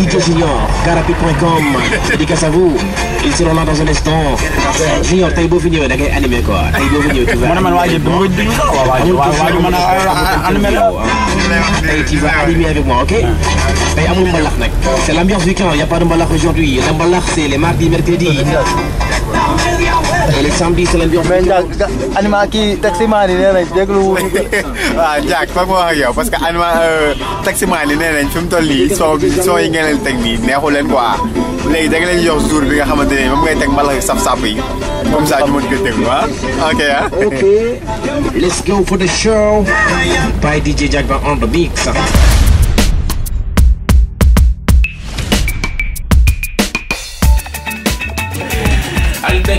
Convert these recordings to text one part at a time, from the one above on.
DJ Junior, carapit.com, dédicace à vous. Ils seront là dans un instant. Junior, t'as beau venir, t'as animé quoi. T'as beau venir, tu vas. Tu vas animer avec moi, ok C'est l'ambiance du camp, il n'y a pas de balak aujourd'hui. La balak, c'est les mardis, mercredis. léegi samedi si leen di wax. mais Ndiak anima kii taximaan yi nee nañ déglu wu ñu ko. waaw ma wax ak yow parce er, que anima taximaan yi nee nañ fi mu toll nii soo soo yi ngeen leen teg nii neexu leen quoi léegi da nga leen jox jour nga xamante ne moom ngay teg mbalax yu saf-saf yi comme ça ñu mën ko déglu ah ok ah.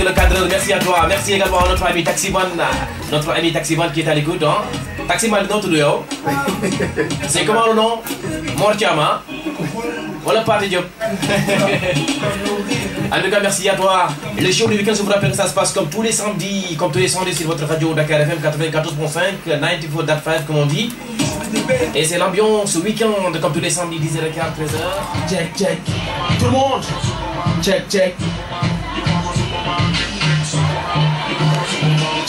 le cadre merci à toi. Merci également à notre ami Taxiban notre ami van qui est à l'écoute. Hein? Man, notre lieu C'est comment le nom Mortiama. Voilà par de dieux En tout cas, merci à toi. Le show du week-end, je vous rappelle que ça se passe comme tous les samedis, comme tous les samedis sur votre radio Dakar FM 94.5, 94.5 comme on dit. Et c'est l'ambiance week-end, comme tous les samedis, 10h15, 13h. Check, check. Tout le monde Check, check.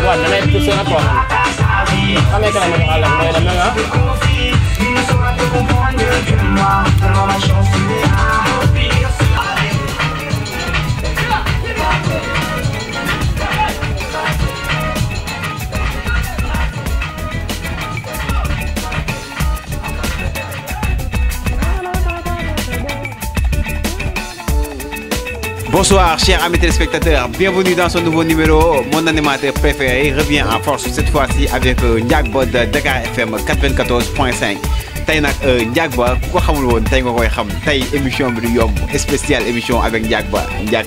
buat la may puso kami Bonsoir chers amis téléspectateurs, bienvenue dans ce nouveau numéro. Mon animateur préféré revient en force cette fois-ci avec euh, Ndiagbot de Dakar FM 94.5. tey nag euh, Ba ku ko xamul émission bi du yomb spéciale émission avec Ndiak Ba Ndiak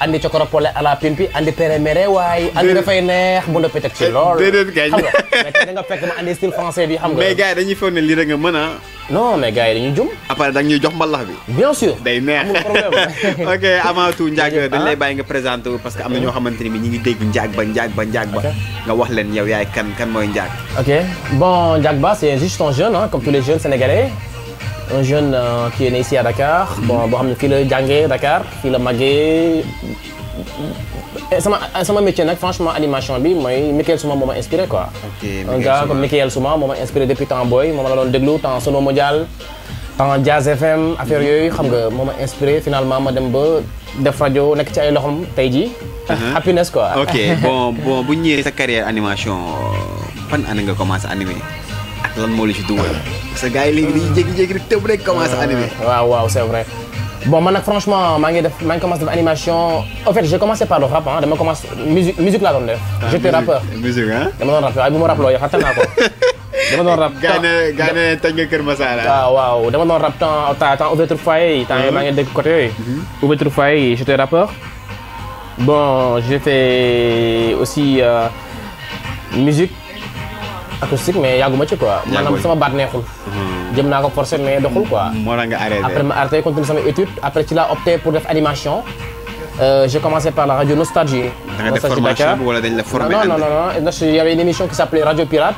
andi cokoropole à la pimpi andi pere mere waay andi dafay neex bu noppi teg ci eh, lool déedéet gaay xam nga da nga style français bi xam nga dañuy foog ne lii nga mën a non mais gars yi dañuy jum après da ñuy jox mbalax bi bien sûr day neex amul problème ok Amatou Ndiack dañ lay ah. bàyyi nga présenté wu parce que am na ñoo xamante ni bi ñi ngi dégg Ndiack Ba Ndiack Ba Ndiack Ba nga wax leen yow yaay kan kan mooy Ndiack ok bon Ndiack Ba c'est juste un jeune comme tous les jeunes sénégalais un jeune euh, qui est né ici à Dakar. bon boo xam ne fii Dakar jàngee Dakar fii la màggee. sama sama métier nag franchement animation bi Michael Souma ma inspiré quoi. un gars comme Michael Souma ma inspiré depuis tant Boy, moom la doon déglu tant Sono Mondial. temps Jazz FM affaire yoy. xam nga ma inspiré finalement ma dem ba def radio, nekk ci ay loxom tey uh-huh. happiness quoi. ok bon bon bu ñu sa carrière animation fan euh, année nga commencé animer? lan moo la ci dugal. parce que gars yi léegi dañuy jékki-jékki rek tëb rek commencé animé. waaw waaw c'est vrai bon man nag franchement maa ngi def maa ngi commencé def animation en fait j'ai commencé par le rap ah dama commencé musique musique laa doon def. j'étais rappeur musique hein dama doon rap waaye bu ma rappeloo yow xatal naa ko. dama doon rap temps gaane gaane tëj nga Kër Masara. waaw waaw dama doon rap temps temps temps ouverture foyer yi. temps yii maa ngi dégg côté yooyu. ouverture foyer yi j'étais rappeur. bon j'ai fait aussi musique. acoustique mais yàgguma ci quoi. maanaam sama baat neexul. Hmm. jëm naa ko forcer mais doxul quoi. moo tax nga arrêté après ma arrêté continuer sama étude après ci laa opté pour def animation. Euh, j'ai commencé par la radio Nostalgie. la Non non non, il y avait une émission qui s'appelait Radio Pirate.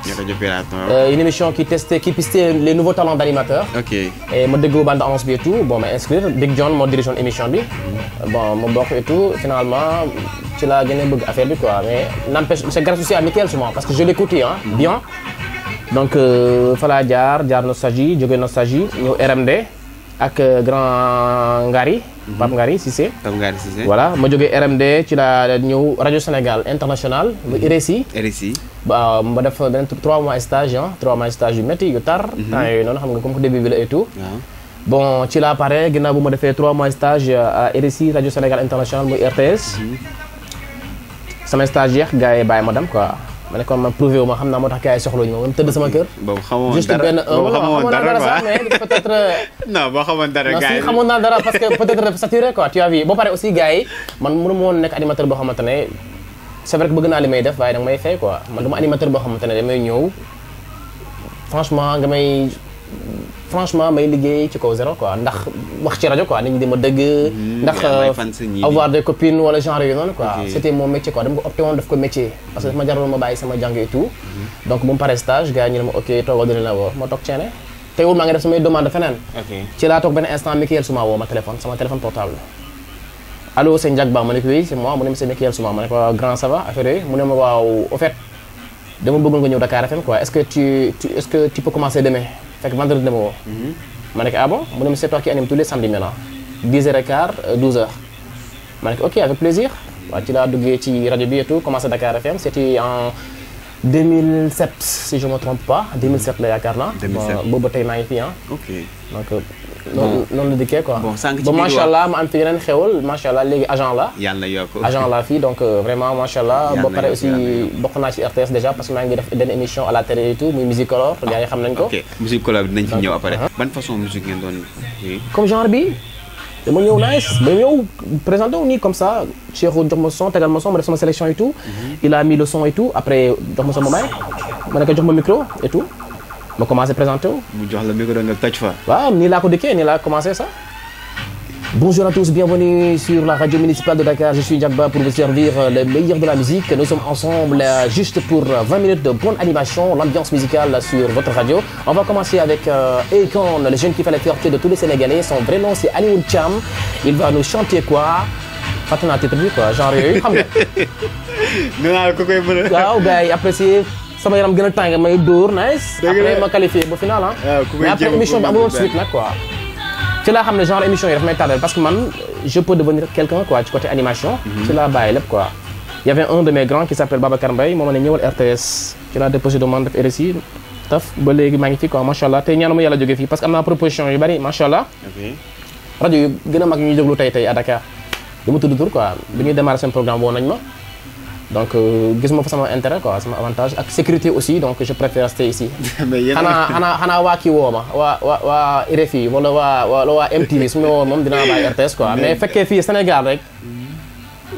Euh, une émission qui testait qui pistait les nouveaux talents d'animateurs. OK. Et moi, déggoo bande annonce et tout, bon mais inscrire, Big John mon dirigeant émission bi. Bon mon bloc et tout, finalement tu l'as gagné à faire. affaire quoi, mais c'est grâce aussi à Michael parce que je l'écoutais hein, bien. Donc euh, fa Diar, Diar, Nostalgie, jóge Nostalgie, RMD. ak euh, grand Ngari. Mhm. Pape Ngari Cissé. Pape Ngari Cissé. voilà ma jógee RMD ci laa ñëw rajo Sénégal international ba mhm. RSI. RSI. ba ma def benn trois mois stage ah trois mois stage yu métti yu tar. Mhm. temps yooyu noonu xam nga comme que bon ci laa pare ginnaaw bu ma defee trois mois stage euh, à RSI rajo Sénégal international muy RTS. sama stage jeex gars yi bàyyi ma dem quoi. ma ne kon man prouvé wu ma xam naa moo tax gars yi soxla ñu ma man tëdd sama kër. boobu xamoon dara benn xamoon dara sax mais peut être. non boo xamoon dara gars yi xamoon naa dara parce que peut être saturé quoi tu as vu. ba pare aussi gars yi man mënu ma woon nekk animateur boo xamante ne c'est vrai que bëgg naa li may def waaye danga may fay quoi man du ma animateur boo xamante ne damay ñëw franchement nga may. franchement may liggéey ci kaw zéro quoi ndax wax ci rajo quoi nit ñi di ma dëgg. Hmm, ndax avoir des copines ou les yu noonu quoi. c'était mon métier quoi dama ko opté woon daf ko métier. parce que daf ma jaraloon ma bàyyi sama jàng et tout. Hmm. donc mon mu stage gagne yi ñu ne ma ok toogal dina la woo ma toog ceene teewul maa ngi def samay demande feneen. ci laa toog benn instant Michael Souma woo ma téléphone sama téléphone portable. allô c'est Ndiak Ba ma ne ko oui moi mon ne ma sëñ Michael Souma ma ne grand ça va mon yooyu mu ne ma waaw au fait dama bëggoon nga ñëw Dakar FM quoi est ce que tu est ce que tu peux commencer demain fekk vendredi dama woo. Mhm. ma ne ko ah bon mu ne ma c'est toi qui anime tous les samedis maintenant 10h15 12h. Euh, ma ne ok avec plaisir waaw ci dougué duggee ci rajo bi et tout commencé Dakar FM c'était en 2007 si je me trompe pas 2007 la yaakaar naa. 2007 boobu ba tey maa ngi ah. ok donc. Euh, non noonu la dikkee quoi. bon sànq ci allah ma am fi yeneen xewal macha allah léegi agent là yalla yokk agent là fi donc euh, vraiment macha allah. yàlla yokk ba pare aussi bokk na ci RTS déjà parce que maa ngi def benn émission à la télé et tout muy Musicolor gars yi xam nañ ko. ok musique Musicolor dinañ fi ñëw après. Uh-huh. ban façon musique ngeen don comme genre bi. dama ñëw nice dama ñëw présenté wu comme ça Cheikhou jox ma son tegal ma son ma def sama sélection et tout. Mm-hmm. il a mis le son et tout après jox ma sama may ma ne ko jox ma micro et tout comment commencé commencé ça. Bonjour à tous, bienvenue sur la radio municipale de Dakar. Je suis Diagba pour vous servir euh, le meilleur de la musique. Nous sommes ensemble euh, juste pour 20 euh, minutes de bonne animation, l'ambiance musicale sur votre radio. On va commencer avec et Ekon, le jeune qui fait la fierté de tous les Sénégalais. Son vrai nom c'est Alioune Cham. Il va nous chanter quoi Fatuna titre quoi, J'en ai. apprécié sama yaram gën a temps, may dur, nice. après ma qualifié au final hein. ah, mais après émission bi amoon suite quoi. ci laa xam genre émission yi daf may tardé parce que man je peux devenir quelqu'un quoi ci côté animation. Mhm. ci laa bàyyi lépp quoi. y avait un de mes grands qui s'appelle Babacar Mbaye moo ma ne ñëwal RTS ci laa déposé demande def RSI taf ba léegi maa ngi quoi macha allah tey ñaanu ma yàlla parce que ma proposition yu bari machallah. allah. rajo yu gën a mag ñuy déglu tey tey à Dakar. du ma quoi bi ñuy démarrer seen programme woo nañ ma donc euh, gis ma fa sama intérêt quoi sama avantage ak sécurité aussi donc je préfère rester ici. Hana yéen xanaa xanaa xanaa Wa Wa woo ma Wa waa wa RFI wala wala MTV su ma woo moom RTS quoi mais fekkee fi Sénégal rek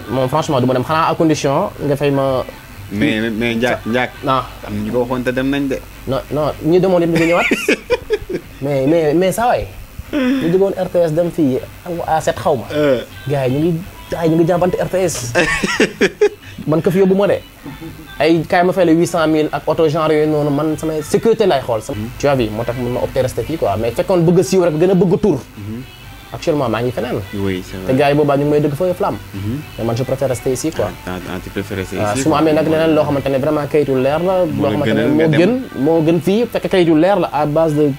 mon franchement du ma dem xanaa à condition nga fay ma. mais mais Ndiak Ndiak. non am ñu ko waxoon te dem nañ de. non non ñi demoon yëpp dañu ñëwaat mais mais mais saa waay ñu duggoon RTS dem fi à set xawma ma. Euh. gars yi ñu ngi RTS. man ko fi yóbbu ma de ay kaay ma fay la huit cent mille ak auto genre yooyu noonu man samay sécurité laay xool sama tu as vu moo tax mun ma opté resté fii quoi mais bëgg a siiw rek bëgg tur actuellement maa ngi feneen. oui c'est vrai te gars yi dëgg foofu flamme. Mhm. mais man je préfère rester ici quoi. ah, ah, ah tu préfères rester ah, ici. su ma amee nag leneen leer la. moo gën loo moo gën moo gën fii fekk leer la à base de.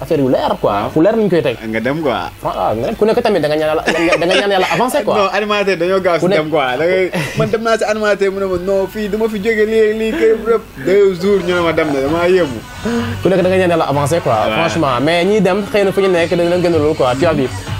affaire yu leer quoi fu leer lañ koy teg nga dem quoi waaw ah, nga dem ku nekk tamit da nga ñaan yàlla da nga ñaan yàlla avancé quoi non animateur dañoo gaaw si dem quoi da ngay man dem naa si animateur mu ne ma non fii du ma fi jóge lii lii kër rëpp deux jours ñu ne ma dem na damaa yéemu ku nekk da nga ñaan yàlla avancé quoi franchement mais ñiy dem xëy na fu ñu nekk dañ leen gënalul quoi tu as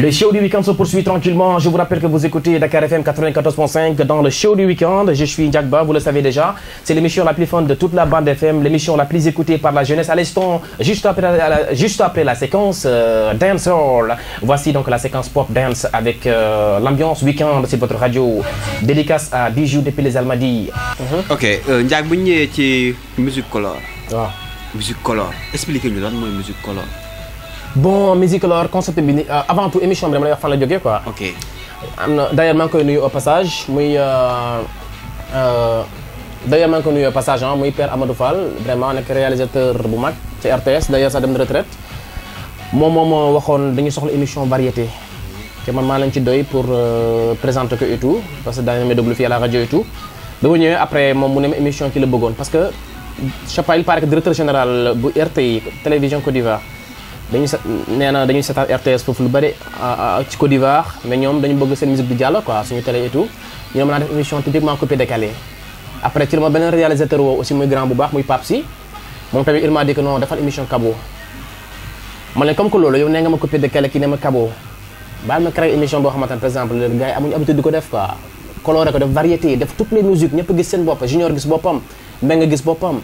Le show du week-end se poursuit tranquillement. Je vous rappelle que vous écoutez Dakar FM 94.5 dans le show du week-end. Je suis Njakba, vous le savez déjà. C'est l'émission la plus fun de toute la bande FM, l'émission la plus écoutée par la jeunesse. À l'instant, juste après la, juste après la séquence euh, Dance Hall. Voici donc la séquence Pop Dance avec euh, l'ambiance week-end C'est votre radio. Dédicace à Bijou depuis les Almadies. Ok, mm-hmm. Ok, euh, musique color. Ah. Musique color. Expliquez-nous, donne-moi musique color bon musique alors concept bi euh, avant tout émission bi dama fan la jógee quoi. ok am na nous koy nuyu au passage muy euh, euh, d'ailleurs ngi koy nuyu au passage ah muy père Amadou Fall vraiment un réalisateur bu mag ci RTS d'ailleurs ça sax dem na retraite moom on moo waxoon dañuy soxla émission variété. te man maa lañ ci doy pour euh, présenter que et tout parce que daañu may déglu fii à la radio et tout. ba après mon mu émission ki le bëggoon parce que je pas il paraît que directeur général bu RTI télévision Côte d'Ivoire dañuy se nee na dañuy seetaan RTS foofu lu bari ci Côte d'Ivoire mais ñoom dañu bëgg seen musique di jàll quoi suñu télé et tout ñu ne naa def émission typiquement coupé décalé après ci la ma beneen réalisateur woo aussi muy grand bu baax muy Pape Si moom tamit il m'a dit que non defal émission Kabo ma ne comme que loolu yow nee nga ma coupé décalé kii ne ma Kabo baal ma créé émission boo xamante ne par exemple gars yi amuñu habitude di ko def quoi coloré ko def variété def toutes les musiques ñëpp gis seen bopp junior gis boppam Mbengue gis boppam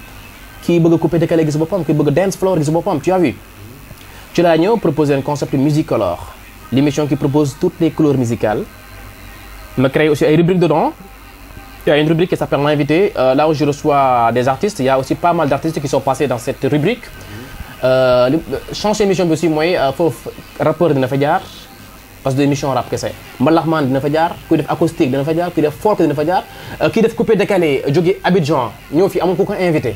kii bëgg coupé décalé gis boppam kii bëgg dance floor gis boppam tu as vu ci laa proposer un concept musicolore l'émission qui propose toutes les couleurs musicales me crée aussi une rubrique dedans il y a une rubrique qui s'appelle l'invité euh, là où je reçois des artistes il y a aussi pas mal d'artistes qui sont passés dans cette rubrique euh, change émission aussi mooy euh, foofu rappeur de de jaar parce que rap rap c'est mbalaxmaan de fa jaar qui def acoustique de fa jaar qui def folk de fa coupé décalé Jogi Abidjan nous fi amul invité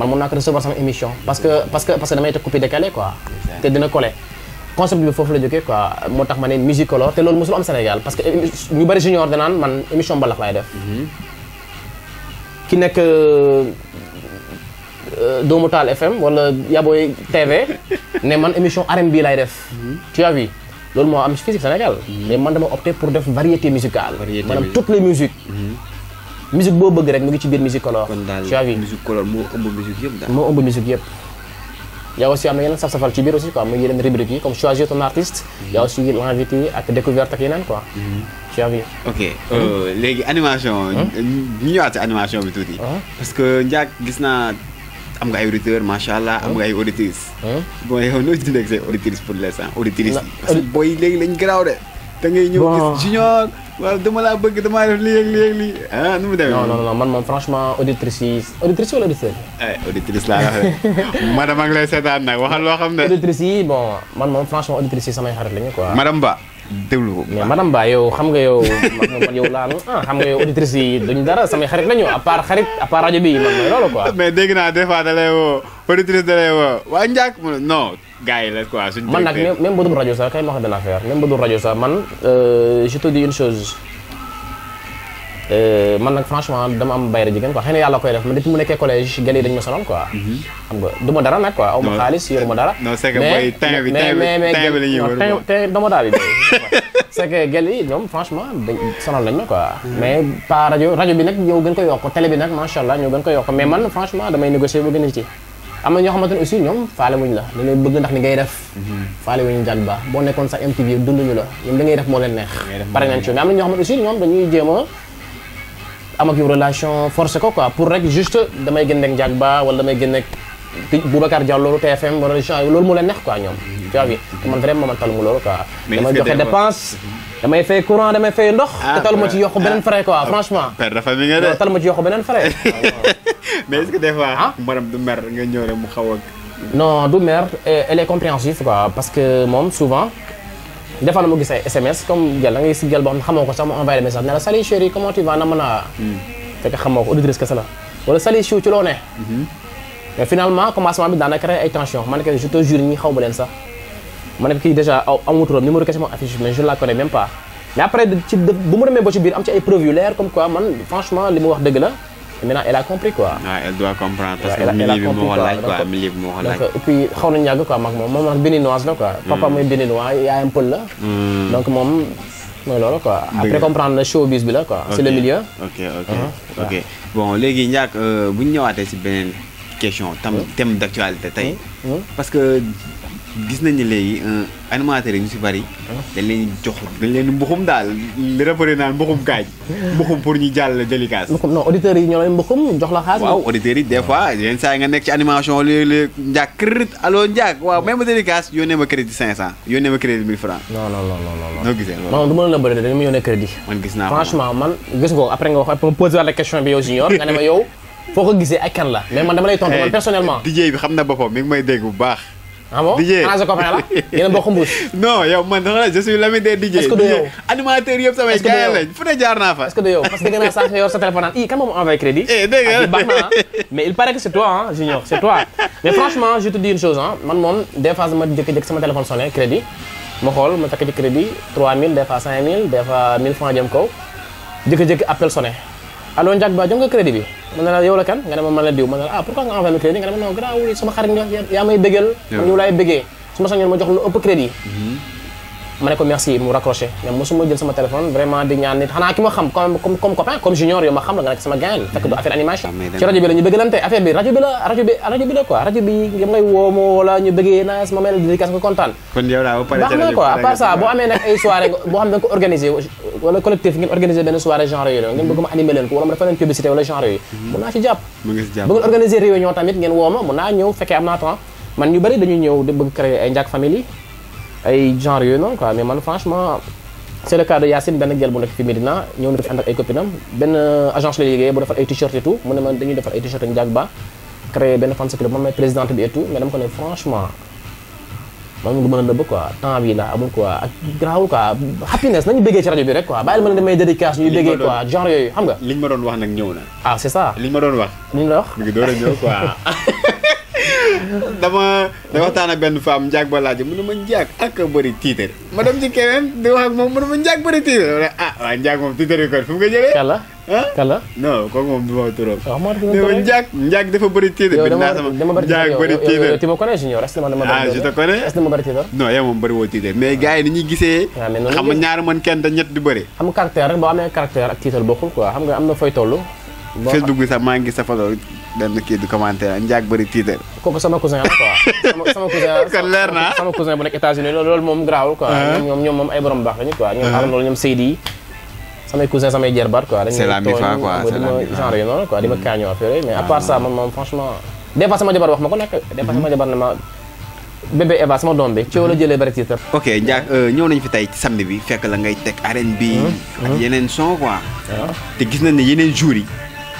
man mun naa recevoir émission parce que parce que parce que damay coupé décalé quoi dina concept bi la quoi musicolore Sénégal parce que ñu bëri junior man émission def mhm. ki que euh, euh, FM wala Yaboy TV suis man émission R&B la def mhm. tu as vu Sénégal mhm. mais man dama opté pour des variétés musicales toutes les musiques musique bo beug rek mu ngi ci biir musicolore. kon musique color mo ëmb musique yëpp daal. mo ëmb musique yëpp. Il y a aussi am na yeneen saf safal ci biir aussi quoi muy yeneen rubrique yi comme choisir ton artiste. Mhm. y a aussi l'invité ak découverte ak yeneen quoi. Mhm. tu as vu. ok euh, mhm. légui animation. ñu ñëwaat animation bi tuuti. parce que Ndiak gis na am nga ay auditeurs macha allah am nga ay auditrice bon yow noo dundee ak say pour l'instant auditrices yi. parce que lañ graw de. da ngay ñëw gis junior. Voilà, ma begitu malah liang-liang li. ah nu mu No, non non non man moom franchement auditrice yi auditrice wala Eh, auditrice Eh, wax de madame maa ngi lay seetaan nag waxal loo xam ne. auditrice bon man moom franchement auditrice yi sama xarit lañu quoi. madame Ba dulu. ko. mais ya, madame kamu yow kamu gayo, yow man ah kamu nga yow auditrice yi duñ dara samay xarit lañu à part xarit à part bi man mooy loolu quoi. mais dégg gars yi man nag même bu dul rajo sax kay ma wax benn affaire même bu dul rajo sax man euh, je te une chose euh, man nag franchement dama am jigéen quoi xëy yàlla koy def man mu nekkee collège gars yi dañu ma sonal quoi. Mhm. xam nga du ma dara nag quoi aw ma bi temps mais dama gel franchement dañ sonal ma quoi mais pas rajo rajo bi nag ñoo gën ko yokk télé bi nag macha allah ñoo gën ko yokk mais man franchement damay négocier bu gën ci am na ñoo xamante ne aussi ñoom faale wuñ la dañ lay bëgg ndax ni ngay def mhm. faale wuñu jàll ba boo nekkoon sa MTV yëpp dunduñu la ñoom da ngay def moo leen neex pare nañ ci dañuy jéem a am ak relation forcé ko quoi pour rek juste damay gën nekk jàll ba wala damay gën nekk Boubacar Diallo TFM wala loolu moo leen neex quoi ñoom tu vois bi mhm. man vraiment man tal mu loolu quoi dama joxe dépense mhm. damay fay courant damay fay ndox. Ah, te talu ma ah. ah, ci yokk benen frère quoi franchement. père dafa mi nga de talu ma ci yokk benen frère mais est-ce que des fois. maanaam du mer nga ñëw mu xaw ak non du mer elle est compréhensive quoi parce que mom souvent. des fois na mu gis SMS comme gel da gis gel boo xam ne xamoo ko sax mu envoyé le message ne salut chérie comment tu vas na mën a. Hmm. fekk xamoo ko auditrice kese la wala salut chou tu loo ne. Hmm. mais finalement commencement bi daanaka créé ay tension man que je te jure ñi xaw ma leen sax ma qui déjà en amuturam numéro question affiche mais je la connais même pas mais après de bu mu demee ba ci biir am ci ay preuves comme quoi man franchement les mots wax dëgg la maintenant elle a compris quoi. ah, elle doit comprendre parce que elle, bi moo ko laaj quoi milieu bi moo ko donc et puis xaw nañu yàgg quoi mag moom maman, wax béninoise la quoi. papa mm. mooy béninois yaayam pël la. Mm. donc moom voilà quoi. après comprendre le showbiz bi quoi. c'est le milieu. ok ok uh-huh. ok bon léegi Ndiack euh, bu ñu ñëwaatee si question. thème hmm? d'actualité hmm? Hmm? parce que. gis nañu léegi animateurs yi ñu si bari. dañ leen jox dañ leen mbuxum daal li naan mbuxum kaaj. mbuxum pour ñu jàll délicat. mbuxum non auditeurs yi ñoo leen mbuxum jox crédit allo njaak waaw même ma crédit 500 francs. non non non non la bëri dañ ma yónnee crédit. man gis naa franchement man gis nga après nga wax après nga posé la question bi yow junior nga ne ma yow foo ko gisee ak kan la mais man dama lay man personnellement. DJ bi xam na boppam ah bon DJ ana sa copain la yéen a bokk mbuus. non yow man dama je suis l'ami des DJ. est-ce que du yow animateur yëpp samay gars lañ fu ne jaar naa fa. est-ce que du yow parce que gannaaw sànq yor sa téléphone naan eh, ah, ah. il paraît que c'est toi ah Junior c'est toi. mais je te dis une chose ah man moom des fois ma jékki-jékki sama téléphone sonné crédit ma xool ma fekk ci crédit 3000 des fois 5000 des fois 1000 francs jëm kaw jékki-jékki appel alon ah, jak ba jëm nga crédit bi man na la yow la kan nga dama ma man la diw man la ah pourquoi nga envoyé le crédit nga dama ma non ah, garaawul sama xarit nga ya may bégal ñu lay bégee sama sañu ma jox lu upp crédit mhm mané ko merci mu raccroché ya, mais mosuma jël sama téléphone vraiment di ñaan nit xana ki ma xam comme comme comme copain comme junior yo ya, ma xam la nga nek sama gaal tak du hmm. affaire animation ci radio bi la ñu bëggalante affaire bi radio bi la radio bi radio bi la quoi radio bi ngam ngay mo wala ñu bëggé na sama mel la dédicace ko contane kon yow da ba paré baax na quoi à part ça bo amé nak ay eh, soirée bo xam da nga ko organiser wala collectif ngeen organiser ben soirée genre yo ngeen bëgguma animer animé leen ko wala ma defal leen publicité wala genre yo hmm. mun na ci japp ci jàpp bëgg organiser réunion tamit ngeen wo ma mun naa ñëw féké amna temps man ñu bari dañu ñëw di bëgg créer ay njàkk family ay genre yooyu noonu quoi mais man franchement c' est le cas de Yacine benn gel bu nekk fi Medina ñëw na fi ànd ak ay copinam benn agence la liggéeyee bu defal ay t-shirt et tout mu ne man dañuy defal ay t-shirt ak Ndiack Ba benn fan club bi et tout mais dama ko ne franchement man mu ngi mën a nëbb quoi temps bi la amul quoi ak garaawul quoi happiness nañu béggee ci rajo bi rek quoi bàyyil ma ne damay dédicace ñuy béggee quoi genre yooyu xam nga. liñ doon wax nag ñëw na. ah ma doon wax. liñ dama da waxtaan ak benn femme njaag ba laaj mu ne ma njaag ak bëri tiitar ma dem ci keneen ak moom mu ne ma njaag bëri tiitar ah waaw njaag moom tiitar yi kon fu mu ko jëlee kala ah kala non kooku moom du ma ah, njaag bëri tiitar bi naa sama njaag bëri bëri tiitar non yow moom bëri woo tiitar mais gars yi ni ñuy gisee ah, xam nga ñaar mën kenn te ñett di bëri xam nga caractère rek boo amee caractère ak tiitar bokkul quoi xam nga am na fooy toll Facebook bi sax maa ngi sa benn kii di commentaire njaag bëri tiitar. kooku sama cousin la quoi. kon leer naa sama cousin bu nekk États-Unis loolu moom garaawul quoi. Uh-huh. ñoom moom ay borom baax lañu quoi. ñoom uh-huh. am loolu ñoom Seydi samay cousin samay jarbaat quoi. ko nekk. des fois sama mm-hmm. jabar ne ma. bébé Eva sama doom bi coow la jëlee bari titre ok Ndiak euh, ñëw nañ fi tey bi fekk la ngay teg arène bi mm-hmm. ak yeneen son quoi uh-huh. te gis nañ yeneen jours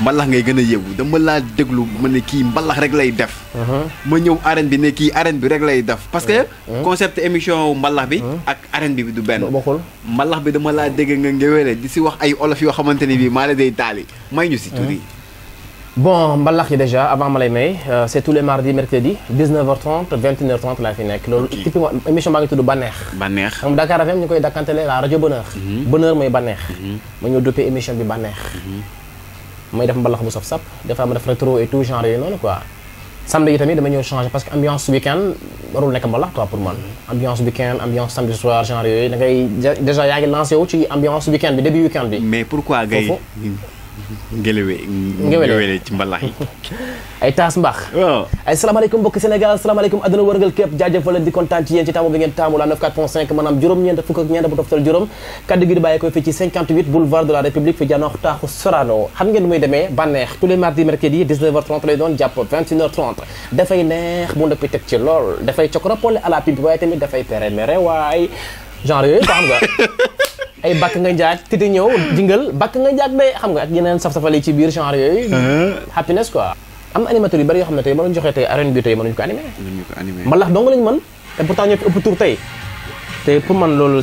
mbalax ngay gën a yëgu dama laa déglu ma ne kii mbalax rek lay def uh-huh. ma ñëw arène bi ne kii arène bi rek lay def parce que uh-huh. Uh-huh. concept émission mbalax bi ak arène bi du benn mbalax bi dama laa dégg nga ngéwéle di si wax ay olof yoo xamante ne bii maa la day taali may ñu si tuuti bon mbalax yi déjà avant ma lay may euh, c'est tous les mardis mercredi 19h30 21h30 laa fi nekk loolu émission baa ngi tudd Baneex Baneex xam Dakar FM ñu koy dakkantele la rajo Bonheur mhm. Bonheur mooy Baneex mhm. ma ñëw duppee émission bi Baneex mhm mooy def mbalax bu sap sap des fois ma def retro et tout genre yooyu non quoi samedi tamit dama ñëw changer parce que ambiance weekend warul nekk mbalax quoi pour man ambiance weekend ambiance samedi soir genre yooyu da ngay déjà yaa ngi lancé wu ci ambiance weekend bi début weekend bi mais pourquoi gay ngéwéle ngéwéle ci mbalax yi ay taas mbaax ay salaamaaleykum mbokk Sénégal salaamaaleykum àdduna wërngal képp jaajëfal leen di kontaan ci yéen ci taamu bi ngeen taamu la 94.5 maanaam juróom-ñeent fukk ak ñeent bu doon jàpp dafay neex bu ndoppi teg ci lool dafay cokoropole à la pimpi waaye tamit dafay peremere waay genre yooyu xam nga ay bakk nga njaag titi ñëw jingal bakk nga njaag day xam nga ak yeneen saf-safal yi ci biir genre yooyu uh-huh. happiness quoi am animateurs yu bëri yoo xam ne tey mënuñu joxee tey arène bi tey mënuñu ko animé mbalax man loolu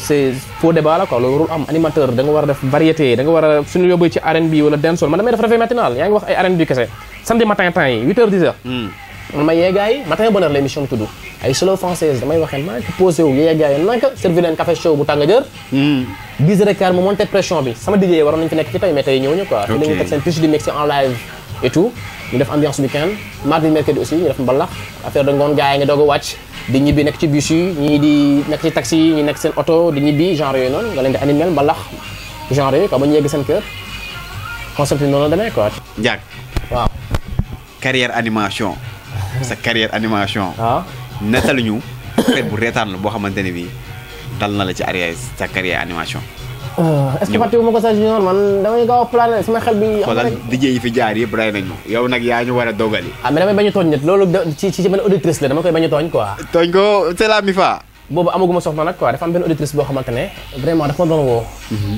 a def variété da war a suñu yóbbu ci arène bi wala dancehall man damay def réveil matinal yaa ngi wax ay arène bi kese samedi matin temps yi 8 heures 10 heures hmm. man ma yee matin bonheur l' émission bi tudd ay solo française damay waxee maa ngi posé wu yee gars yi show bu tànga jër hmm. 10 heures et quart mu monté pression bi sama DJ waroon nañu fi nekk ci tey mais tey ñëw ñu quoi. ok fi la ñuy teg seen pitch di mixé en live et tout. ñu def ambiance weekend mardi mercredi yi nga di ñibbi nekk ci bus yi ñii di nekk ci taxi yi nekk seen oto di ñibbi genre yooyu noonu nga leen di animel mbalax genre yooyu quoi ba ñu yegg seen kër concept bi noonu la demee quoi. Ndiack. waaw. carrière animation. sa carrière animation. waaw ah. nettali ñu. affaire bu reetaan la boo xamante ne bii. dal na la ci arrière sa carrière animation. Oh, est ce que fàtte ko sa junior man damay gaaw a plané sama xel bi. xoolal DJ yi fi jaar yëpp rey nañu yow nag yaa ñu war a dogali. ah mais damay bañ a tooñ nit loolu ci ci benn auditrice la dama koy bañ tooñ ko c'est fa. boobu amaguma soxna nag quoi dafa am benn auditrice boo xamante ne vraiment dafa ma doon woo. Mhm.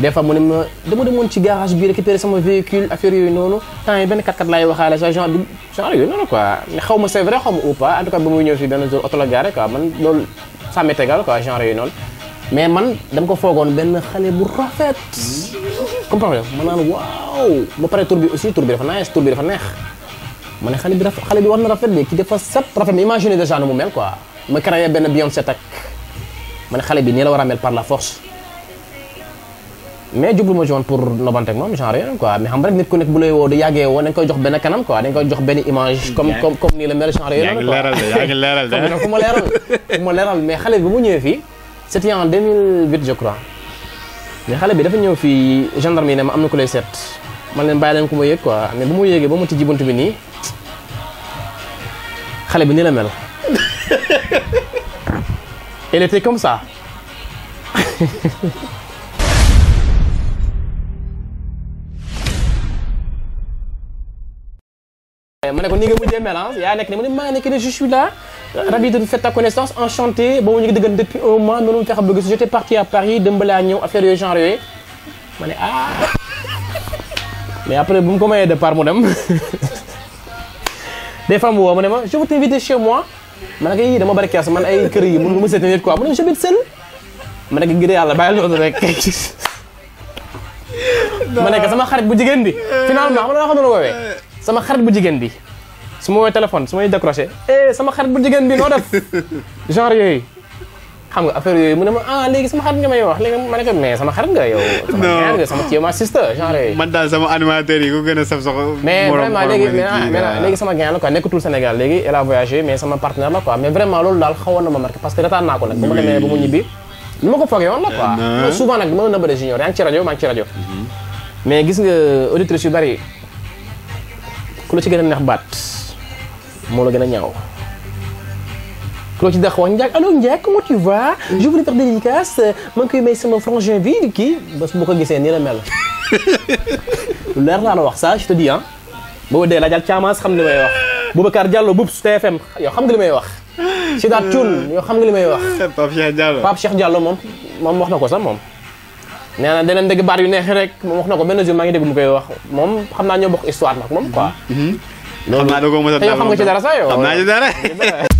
des fois mu ne ma dama demoon ci garage bi récupérer sama véhicule affaire yooyu noonu temps yi benn katkat laay waxaale sa genre bi genre yooyu noonu quoi mais xaw ma c'est vrai xaw ba muy ñëw fii benn jour oto la garé quoi man mais man dama ko foogoon benn xale bu rafet comprendre ma naan waaw ba pare tur bi aussi tur bi dafa neex tur bi dafa neex ma ne xale bi rafet xale bi war na rafet de ki dafa set rafet mais imagine déjà nu mu mel quoi ma créé benn Beyoncé tak ma ne xale bi nii la war a mel par mais jublu ma ci woon pour nobante ak moom genre yooyu quoi mais nit ku nekk bu lay woo di koy jox benn kanam quoi dañ koy jox benn image. comme comme comme la mel genre yooyu noonu quoi yaa ngi ma leeral leeral mais xale bi bu mu ñëwee fii c'était en 2008 je crois mais xale bi dafa ñëw fii gendarme yi am na ku lay set man leen bàyyi leen ku ma yëg quoi mais bu mu yëgee ba mu tijji bunt xale bi nii la mel. elle était mané ko ni nga mujjee mélange yaa nekk ne mu ne maa nekk je suis là ravi de faire ta connaissance enchanté boobu ñu ngi dëggan depuis un mois noonu mu fexe bëgg si j'étais parti à Paris dëmb laa ñëw affaire yo genre yooyu ma ah mais après bu mu ko mayee départ mu dem des fois mu woo ma je vous t'invite chez moi mané ne dama bari kees man ay kër yi mënu ma seet quoi mu je j'habite seul mané ne ko ngir yàlla bàyyi loolu rek mané ka sama xarit bu jigéen bi euh. finalement ma la xam la wowe sama xarit bu jigéen bi su ma woowee téléphone su may décroché eh sama xarit bu jigéen bi noo def genre yooyu xam nga affaire yooyu mu ne ma ah léegi sama xarit nga may wax léegi ma ne ko mais sama xarit nga yow sama nga sama kii ma sister genre yooyu man daal sama animateur yi ko gën a saf sax mais vraiment léegi mais ah, léegi sama gain la quoi nekkatul Sénégal léegi elle a voyagé mais sama partenaire la quoi mais vraiment loolu daal xawoon na ma marqué parce que retard naa ko nag bu ma demee ba mu ñibbi lu ma ko foogee woon la quoi souvent nag dama la junior yaa ngi ci rajo maa ci rajo mhm. mais gis nga auditrice yu bari kulo ci plus neex baat la gën ñaaw kulo ci allo comment tu vas je voulais faire dédicace euh, man may sama frangin bi kii bu ko gisee nii la mel leer la wax ça je te dis ah dee la caamaas xam li may wax Boubacar Diallo dire. TFM yow xam li may wax yow xam li may wax Pape Cheikh Diallo Cheikh Diallo wax nee na deneen dégg baat yu neex rek moom wax na ko benn jour maa ngi mu ko wax moom xam naa ñoo bokk histoire nag moom quoi. Mm-hmm. loolu xam naa da koo mos a xam nga ci dara sax yow. xam naa ci dara.